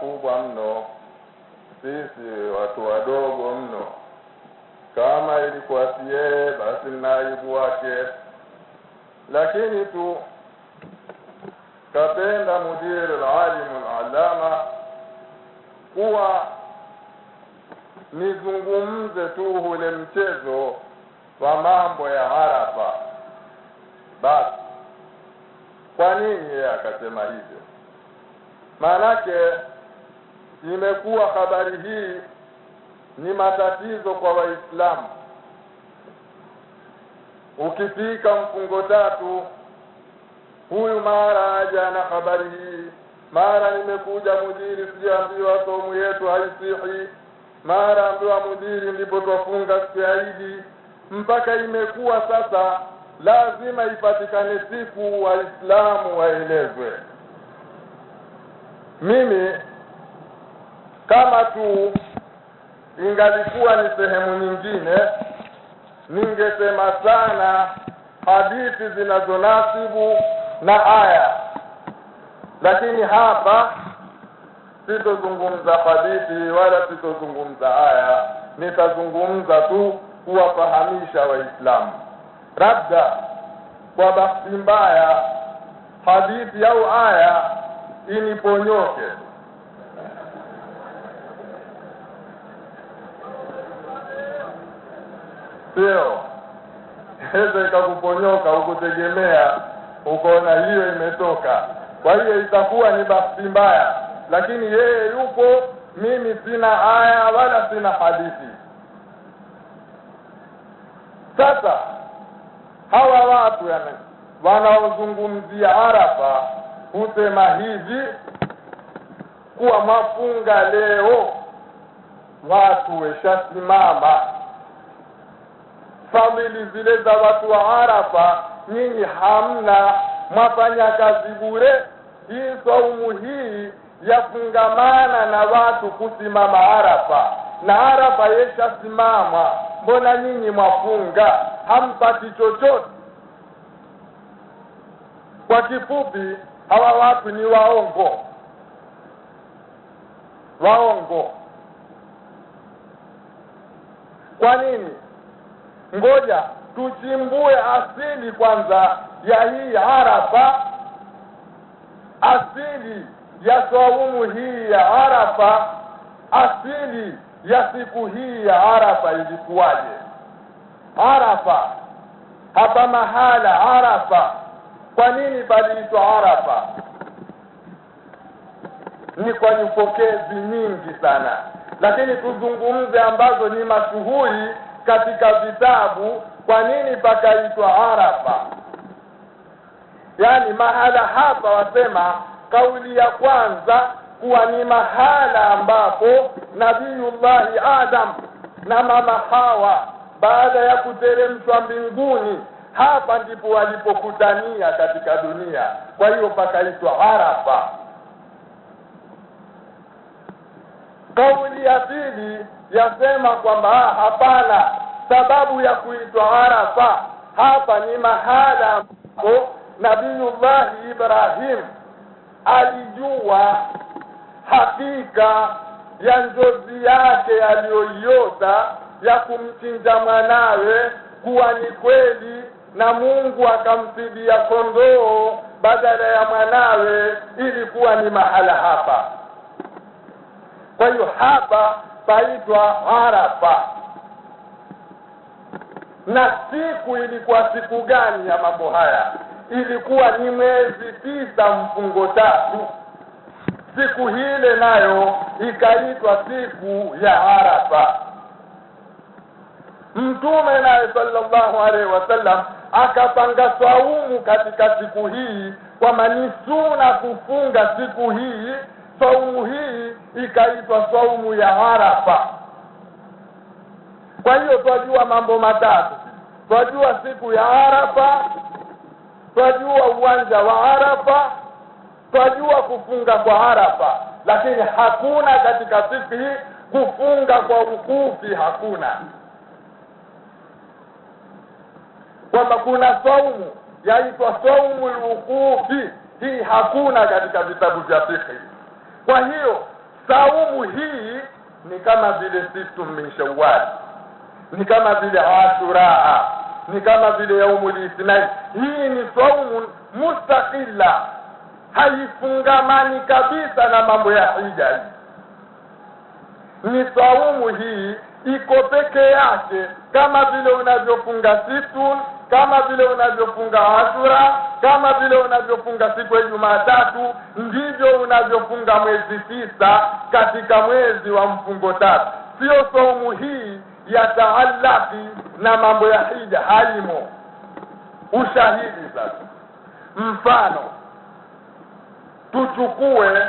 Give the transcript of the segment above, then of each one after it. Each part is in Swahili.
kubwa mno, sisi watu wadogo mno. Kama ilikuwa si yeye, basi naibu wake, lakini tu kapenda mudiri lalimu alama kuwa nizungumze tu hule mchezo wa mambo ya harafa basi. Kwa nini yeye akasema hivyo? Maanake imekuwa habari hii ni matatizo kwa waislamu ukifika mfungo tatu huyu mara aja na habari hii mara nimekuja mudiri sijaambiwa somu yetu haisihi mara ambiwa mudiri ndipo twafunga siaidi mpaka imekuwa sasa lazima ipatikane siku waislamu waelezwe mimi kama tu ingalikuwa ni sehemu nyingine ningesema sana hadithi zinazonasibu na aya lakini hapa sitozungumza hadithi wala sitozungumza aya nitazungumza tu kuwafahamisha waislamu labda kwa bahati mbaya hadithi au aya iniponyoke sio inaweza ikakuponyoka ukutegemea ukaona hiyo imetoka kwa hiyo itakuwa ni bahati mbaya lakini yeye yupo mimi sina aya wala sina hadithi sasa hawa watu yani wanaozungumzia arafa husema hivi kuwa mafunga leo watu weshasimama fadhili zile za watu wa Arafa nyinyi hamna, mwafanya kazi bure. Hii saumu hii yafungamana na watu kusimama Arafa, na Arafa yeshasimama, mbona nyinyi mwafunga? Hampati chochote. Kwa kifupi, hawa watu ni waongo, waongo. Kwa nini? ngoja tuchimbue asili kwanza ya hii arafa asili ya saumu hii ya arafa asili ya siku hii ya arafa ilikuwaje arafa hapa mahala arafa kwa nini paliitwa arafa ni kwa nyupokezi nyingi sana lakini tuzungumze ambazo ni mashuhuri katika vitabu kwa nini pakaitwa arafa yaani mahala hapa wasema kauli ya kwanza kuwa ni mahala ambapo nabiyullahi adam na mama hawa baada ya kuteremshwa mbinguni hapa ndipo walipokutania katika dunia kwa hiyo pakaitwa arafa kauli ya pili yasema kwamba ah, hapana sababu ya kuitwa arafa hapa ni mahala ambapo nabiyullahi ibrahim alijua hakika ya njozi yake aliyoiota ya kumchinja mwanawe kuwa ni kweli na mungu akamfidia kondoo badala ya mwanawe ilikuwa ni mahala hapa kwa hiyo hapa paitwa Arafa. Na siku ilikuwa siku gani ya mambo haya? Ilikuwa ni mwezi tisa mfungo tatu. Siku hile nayo ikaitwa siku ya Arafa. Mtume naye sallallahu alaihi wasallam akapanga swaumu katika siku hii, kwamba ni suna kufunga siku hii saumu hii ikaitwa saumu ya Arafa. Kwa hiyo twajua mambo matatu, twajua siku ya Arafa, twajua uwanja wa Arafa, twajua kufunga kwa Arafa, lakini hakuna katika siku hii kufunga kwa ukufi, hakuna kwamba kuna saumu yaitwa saumu lukufi, hii hakuna katika vitabu vya fikhi. Kwa hiyo saumu hii ni kama vile sittu min Shawwal, ni kama vile Ashuraa, ni kama vile yaumul ithnain. Hii ni saumu mustaqilla, haifungamani kabisa na mambo ya hija. Ni saumu hii iko peke yake kama vile unavyofunga siku kama vile unavyofunga asura kama vile unavyofunga siku ya jumatatu ndivyo unavyofunga mwezi tisa katika mwezi wa mfungo tatu siyo somu hii ya taallaki na mambo ya hija haimo ushahidi sasa mfano tuchukue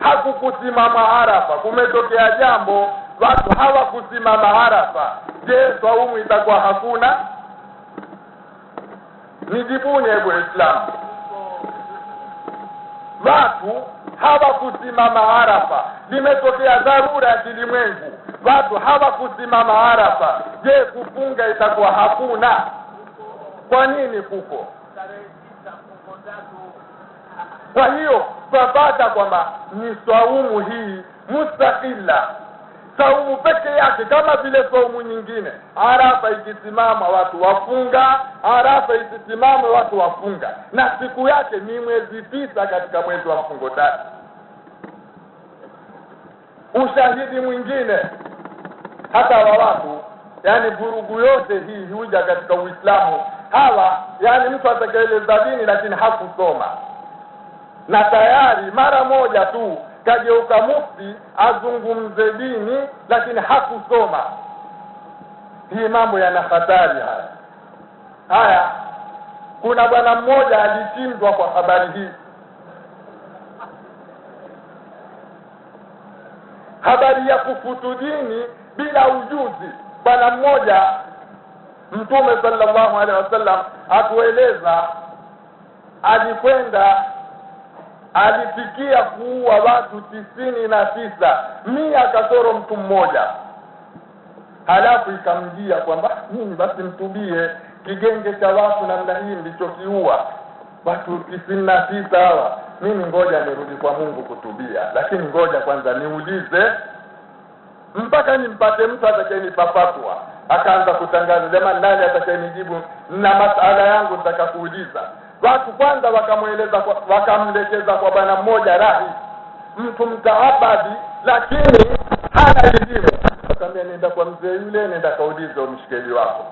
hakukusimama arafa kumetokea jambo watu hawakusimama harafa je swaumu itakuwa hakuna nijibuni hebu islamu watu hawakusimama harafa limetokea dharura ya kilimwengu watu hawakusimama harafa je kufunga itakuwa hakuna kwa nini kuko kwa hiyo twapata kwamba ni swaumu hii mustakila saumu peke yake kama vile saumu nyingine arafa ikisimama watu wafunga arafa ikisimama watu wafunga na siku yake ni mwezi tisa katika mwezi wa fungo tatu ushahidi mwingine hata wa watu yani vurugu yote hii huja katika uislamu hawa yani mtu atakaeleza dini lakini hakusoma na tayari mara moja tu kageuka mufti azungumze dini lakini hakusoma hii mambo yana hatari haya haya kuna bwana mmoja alishindwa kwa habari hii habari ya kufutu dini bila ujuzi bwana mmoja mtume sallallahu alehi wasallam akueleza alikwenda alifikia kuua watu tisini na tisa mia kasoro mtu mmoja halafu ikamjia kwamba nini basi mtubie kigenge cha watu namna hii mlichokiua watu tisini na tisa hawa mimi ngoja nirudi kwa mungu kutubia lakini ngoja kwanza niulize mpaka nimpate mtu atakayenipapatwa. akaanza kutangaza jamani nani atakayenijibu na masala yangu nitakakuuliza watu kwanza wakamweleza wakamlekeza kwa bwana mmoja rahi mtu mtaabadi lakini hana elimu akaambia nenda kwa mzee yule nenda kaulize umshikeli wako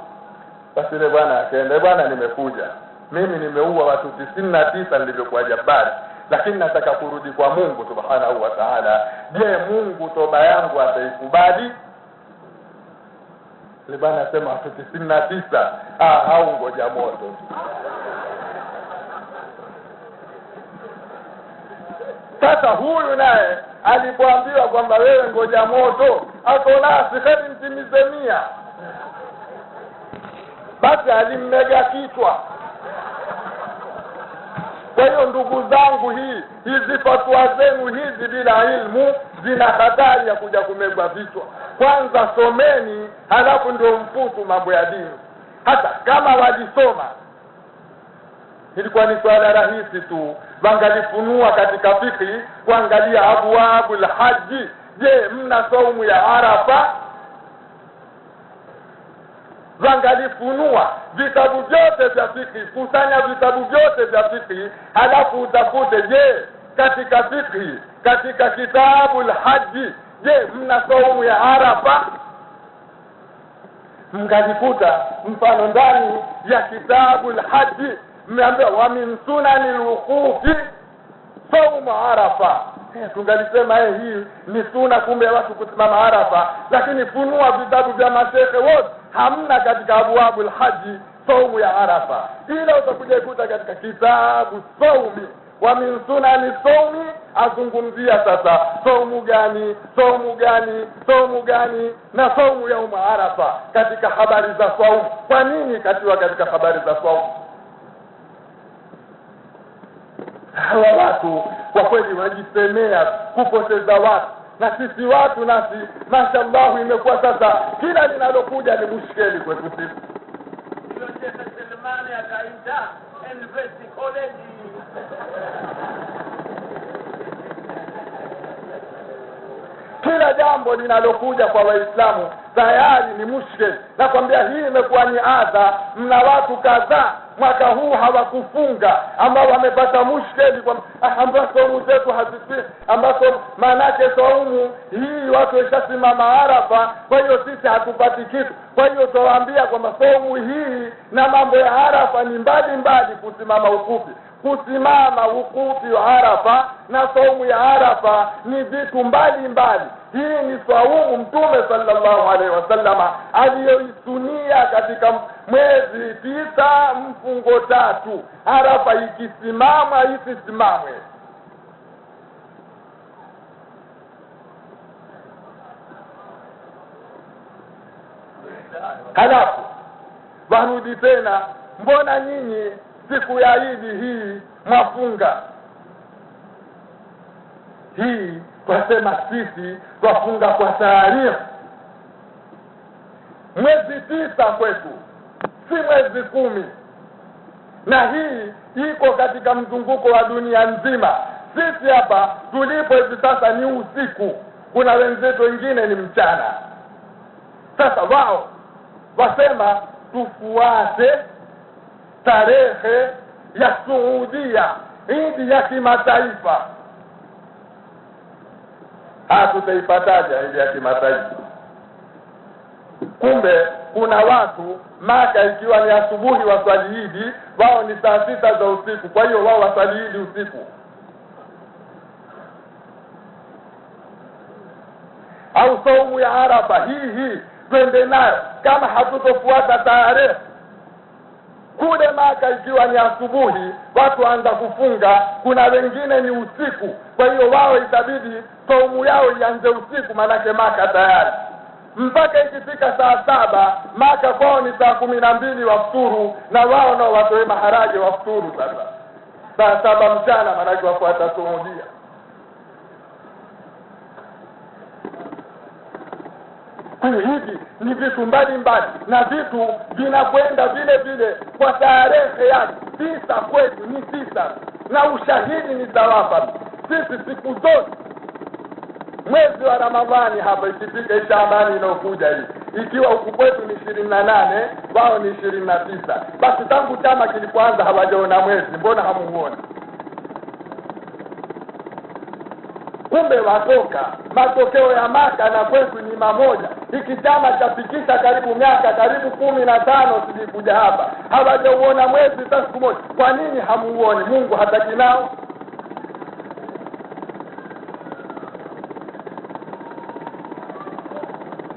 basi yule bwana akaenda bwana nimekuja mimi nimeua watu tisini na tisa nilivyokuwa jabari lakini nataka kurudi kwa mungu subhanahu wa taala je mungu toba yangu ataikubali libana asema sema tisini na tisa ah, au ngoja moto sasa huyu naye alipoambiwa kwamba wewe ngoja moto akaona sikheri mtimize mia basi alimmega kichwa kwa hiyo ndugu zangu hii hizi fatwa zenu hizi bila ilmu zina hatari ya kuja kumegwa vichwa kwanza someni halafu ndio mfutu mambo ya dini hata kama walisoma ilikuwa ni swala rahisi tu wangalifunua katika fikhi kuangalia abuabu lhaji je mna saumu ya arafa wangalifunua vitabu vyote vya fikri kusanya vitabu vyote vya fikri halafu utafute je katika fikri katika kitabu lhaji je mna saumu ya arafa mkalikuta mfano ndani ya kitabu lhaji mmeambiwa wa min sunani lwukufi saumu arafa eh, tungalisema eh, hii ni suna kumbe watu kusimama arafa lakini funua vitabu vya mashehe wote hamna katika abwabu lhaji saumu ya arafa ila utakuja kuta katika kitabu saumi wa min sunani saumi azungumzia sasa saumu gani saumu gani saumu gani na saumu yaumu arafa katika habari za saumu kwa nini katiwa katika habari za saumu hawa watu kwa kweli wajisemea kupoteza watu na sisi watu nasi mashallahu imekuwa sasa kila linalokuja ni mushkeli kwetu sisi kila jambo linalokuja kwa waislamu tayari ni mushrik nakwambia hii imekuwa ni adha mna watu kadhaa mwaka huu hawakufunga ambao wamepata mushkeli ambazo saumu zetu hazisi ambazo maanake saumu hii watu ishasimama arafa kwa hiyo sisi hatupati kitu kwa hiyo tawaambia kwamba saumu hii na mambo ya arafa ni mbali mbali kusimama ukufi kusimama ukupi wa arafa na saumu ya arafa ni vitu mbali mbali hii ni saumu mtume sallallahu alaihi wasallama aliyoisunia katika mwezi tisa mfungo tatu arafa ikisimama isisimamwe halafu warudi tena mbona nyinyi siku ya idi hii mwafunga hii twasema sisi twafunga kwa taarikhi mwezi tisa kwetu si mwezi kumi na hii iko katika mzunguko wa dunia nzima sisi hapa tulipo hivi sasa ni usiku kuna wenzetu wengine ni mchana sasa wao wasema tufuate tarehe ya suudia idi ya kimataifa hatutaipataja ile ya kimataifa kumbe kuna watu maka ikiwa ni asubuhi waswali hivi, wao ni saa sita za usiku kwa hiyo wao waswali hivi usiku au saumu ya arafa hii hii twende nayo kama hatutofuata tarehe kule Maka ikiwa ni asubuhi watu waanza kufunga, kuna wengine ni usiku. Kwa hiyo wao itabidi saumu yao ianze usiku, maanake Maka tayari mpaka ikifika saa saba Maka kwao ni saa kumi na mbili wafuturu, na wao nao watoe maharaje wafuturu sasa saa saba mchana, maanake wafuata saumu dia hivi ni vitu mbalimbali na vitu vinakwenda vile vile kwa tarehe yake tisa kwetu ni tisa na ushahidi ni thawafa sisi siku zote mwezi wa ramadhani hapa ikifika shaabani inayokuja hii ikiwa huku kwetu ni ishirini na nane wao ni ishirini na tisa basi tangu chama kilipoanza hawajaona mwezi mbona hamuhuoni kumbe watoka. Matokeo ya Maka na kwetu ni mamoja. Hiki chama chafikisha karibu miaka karibu kumi na tano zilikuja hapa, hawajauona mwezi hata siku moja. Kwa nini hamuuoni? Mungu hataki nao?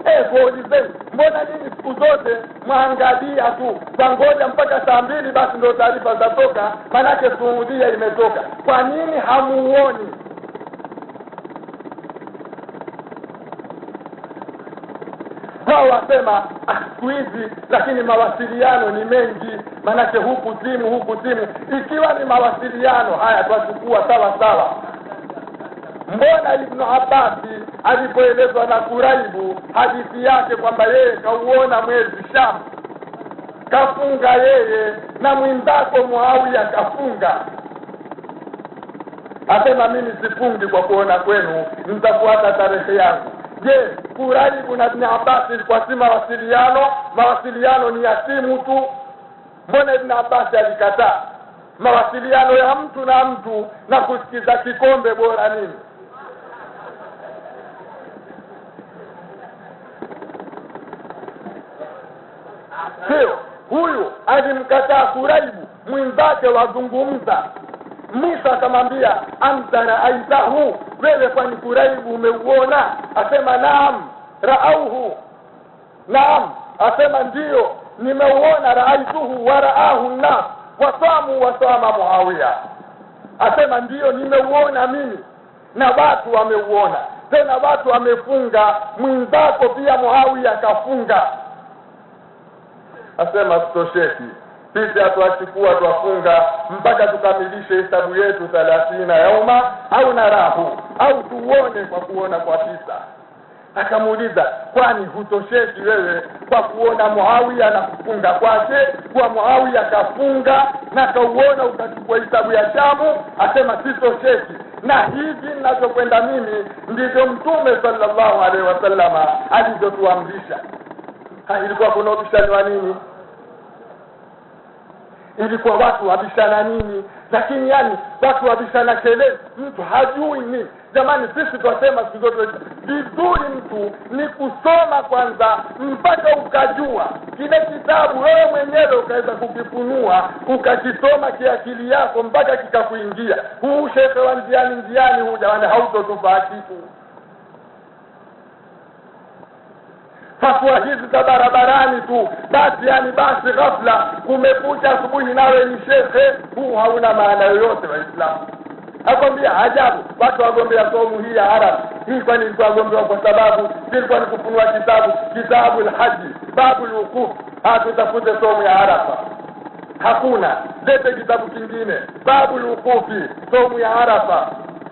Eh, kuulizeni mbona nini siku zote mwangalia tu ngoja mpaka saa mbili basi ndo taarifa zatoka manake suudia imetoka kwa nini hamuuoni wao wasema ah, siku hizi lakini mawasiliano ni mengi maanake huku timu huku timu ikiwa ni mawasiliano haya twachukua sawa sawa mbona ibnu abasi alipoelezwa na kuraibu hadithi yake kwamba yeye kauona mwezi sham kafunga yeye na mwindako muawiya kafunga asema mimi sifungi kwa kuona kwenu nitafuata tarehe yangu je kurani kuna ibn abbas ilikuwa si mawasiliano mawasiliano ni ya simu tu mbona ibn abbas alikataa mawasiliano ya mtu na mtu na kusikiza kikombe bora nini sio huyu alimkataa kuraibu mwenzake wazungumza Musa akamwambia amtara aitahu, wewe kwani Kuraibu umeuona? Asema naam. Raauhu, naam. Asema ndiyo, nimeuona. Raaituhu wa raahu nnas wasamu wasama Muawiya. Asema ndiyo, nimeuona mimi na watu wameuona tena watu wamefunga, mwenzako pia Muawiya akafunga. Asema sitosheki sisi hatuachukua twafunga mpaka tukamilishe hesabu yetu thalathina yauma au na rahu au tuone kwa kuona kwa kisa akamuuliza kwani hutosheki wewe kwa kuona muawia na kufunga kwake kuwa muawia akafunga na kauona ukachukua hisabu ya shamu asema sitosheki na hivi nnachokwenda mimi ndivyo mtume salallahu alehi wasalama alivyotuamrisha ilikuwa kuna wa nini ilikuwa watu wabishana nini lakini yani watu wabishana kele mtu hajui nini jamani sisi twasema siku vizuri mtu ni kusoma kwanza mpaka ukajua kile kitabu wewe mwenyewe ukaweza kukifunua ukakisoma kiakili yako mpaka kikakuingia huu shekhe wa njiani njiani huu hautotufaa kitu afua hizi za barabarani tu basi yani basi ghafla kumekucha asubuhi nawe ni shehe, huu hauna maana yoyote waislamu akwambia ajabu watu wagombea somu hii ya arabu hii kwani ilikuwa gombewa kwa sababu ilikuwa ni kufunua kitabu kitabu lhaji babu lwukuf hatutafute somu ya arafa hakuna lete kitabu kingine babu lwukufi somu ya arafa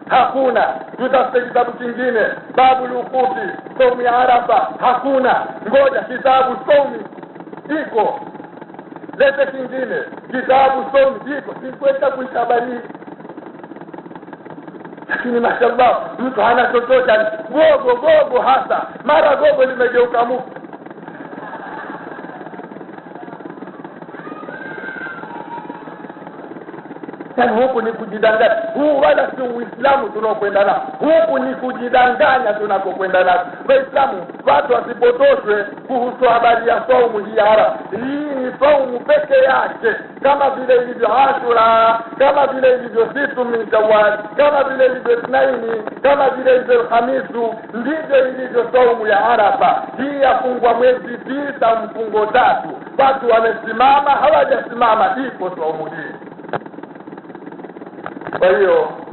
hakuna tutafute kitabu kingine babu lukufi somi arafa hakuna ngoja kitabu somi iko lete kingine kitabu somi iko sikuweza kuitabarii lakini mashallah mtu hana chochote gogo gogo hasa mara gogo limegeuka muku yaani huku ni kujidanganya huu wala si uislamu tunaokwenda nao huku ni kujidanganya tunakokwenda nao waislamu watu wasipotoshwe kuhusu habari ya saumu hii hara hii ni saumu peke yake kama vile ilivyo ashura kama vile ilivyo situ min shawal kama vile ilivyo ithnaini kama vile ilivyo lhamisu ndivyo ilivyo saumu ya arafa hii yafungwa mwezi tisa mfungo tatu watu wamesimama hawajasimama ipo saumu hii varios